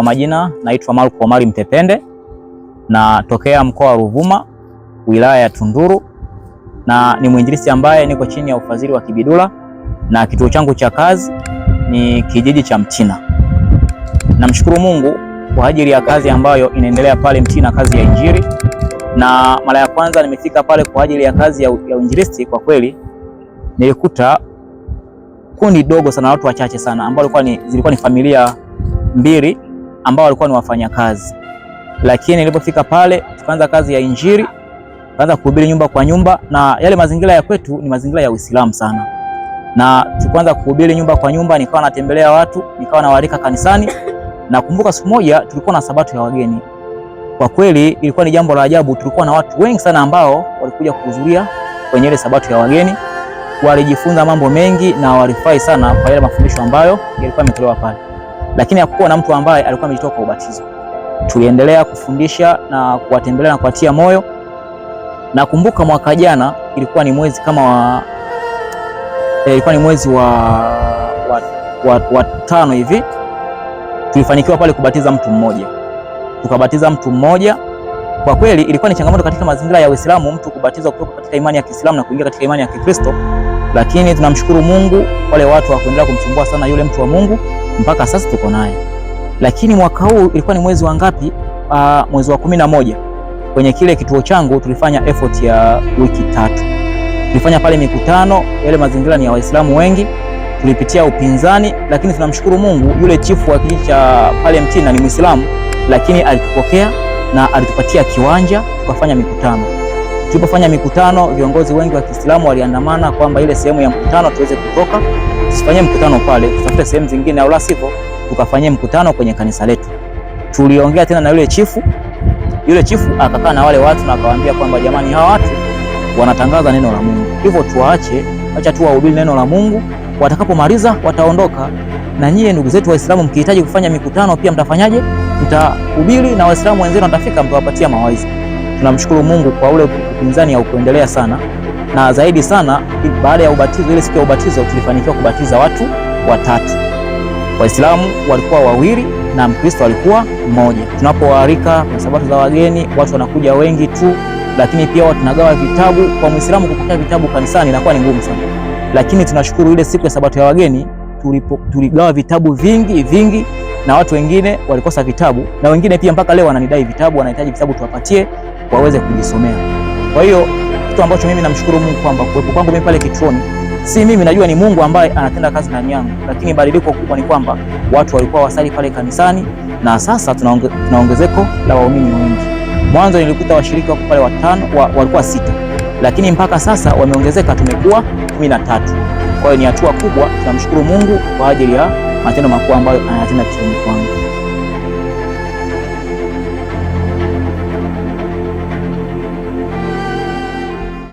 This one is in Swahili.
Kwa majina naitwa Marko Omari Mtepende, natokea mkoa wa Ruvuma, wilaya ya Tunduru, na ni mwinjilisti ambaye niko chini ya ufadhili wa Kibidula na kituo changu cha kazi ni kijiji cha Mtina. Namshukuru Mungu kwa ajili ya kazi ambayo inaendelea pale Mtina, kazi ya injili. Na mara ya kwanza nimefika pale kwa ajili ya kazi ya uinjilisti, kwa kweli nilikuta kundi dogo sana, watu wachache sana ambao zilikuwa ni familia mbili ambao walikuwa ni wafanyakazi. Lakini nilipofika pale, tukaanza kazi ya Injili, tukaanza kuhubiri nyumba kwa nyumba, na yale mazingira ya kwetu ni mazingira ya Uislamu sana, na tukaanza kuhubiri nyumba kwa nyumba. Nikawa natembelea watu, nikawa nawalika kanisani. Nakumbuka siku moja tulikuwa na sabato ya wageni. Kwa kweli ilikuwa ni jambo la ajabu, tulikuwa na watu wengi sana ambao walikuja kuhudhuria kwenye ile sabato ya wageni. Walijifunza mambo mengi na walifai sana kwa yale mafundisho ambayo yalikuwa yametolewa pale lakini hakukuwa na mtu ambaye alikuwa amejitoa kwa ubatizo. Tuliendelea kufundisha na kuwatembelea na kuwatia moyo. Nakumbuka mwaka jana ilikuwa ni mwezi kama wa eh, ilikuwa ni mwezi wa wa, wa, wa tano hivi tulifanikiwa pale kubatiza mtu mmoja, tukabatiza mtu mmoja. Kwa kweli ilikuwa ni changamoto katika mazingira ya Uislamu mtu kubatizwa kutoka katika imani ya Kiislamu na kuingia katika imani ya Kikristo, lakini tunamshukuru Mungu, wale watu wakuendelea kumsumbua sana yule mtu wa Mungu mpaka sasa tuko naye. Lakini mwaka huu ilikuwa ni mwezi wa ngapi? Uh, mwezi wa kumi na moja kwenye kile kituo changu tulifanya effort ya wiki tatu, tulifanya pale mikutano. Yale mazingira ni ya Waislamu wengi, tulipitia upinzani, lakini tunamshukuru Mungu, yule chifu wa kijiji cha pale Mtina ni Muislamu, lakini alitupokea na alitupatia kiwanja tukafanya mikutano. Tulipofanya mikutano, viongozi wengi wa Kiislamu waliandamana kwamba ile sehemu ya mkutano tuweze kutoka tusifanye mkutano pale, tutafute sehemu zingine, au la sivyo tukafanyie mkutano kwenye kanisa letu. Tuliongea tena na yule chifu, yule chifu akakaa na wale watu na akawaambia kwamba jamani, hawa watu wanatangaza neno la Mungu, hivyo tuwaache, acha tu wahubiri neno la Mungu, watakapomaliza wataondoka. Na nyie ndugu zetu Waislamu mkihitaji kufanya mikutano pia mtafanyaje? Mtahubiri na Waislamu wenzenu watafika, mtawapatia mawaidha. Tunamshukuru Mungu kwa ule upinzani haukuendelea sana na zaidi sana baada ya ubatizo, ile siku ya ubatizo tulifanikiwa kubatiza watu watatu. Waislamu walikuwa wawili na Mkristo alikuwa mmoja. Tunapowaalika kwa sabato za wageni, watu wanakuja wengi tu, lakini pia tunagawa vitabu. Kwa Muislamu kupokea vitabu kanisani inakuwa ni ngumu sana, lakini tunashukuru ile siku ya sabato ya wageni tulipo, tuligawa vitabu vingi vingi, na watu wengine walikosa vitabu, na wengine pia mpaka leo wananidai vitabu, wanahitaji vitabu tuwapatie waweze kujisomea. Kwa hiyo kitu ambacho mimi namshukuru Mungu kwamba kuwepo kwangu mimi pale kituoni si mimi najua, ni Mungu ambaye anatenda kazi ndani yangu. Lakini badiliko kubwa ni kwamba watu walikuwa wasali pale kanisani, na sasa tuna ongezeko la waumini wengi. Mwanzo nilikuta washiriki wako pale watano, wa, walikuwa sita, lakini mpaka sasa wameongezeka, tumekuwa kumi na tatu. Kwa hiyo ni hatua kubwa, tunamshukuru Mungu kwa ajili ya matendo makubwa ambayo anatenda kituoni kwangu.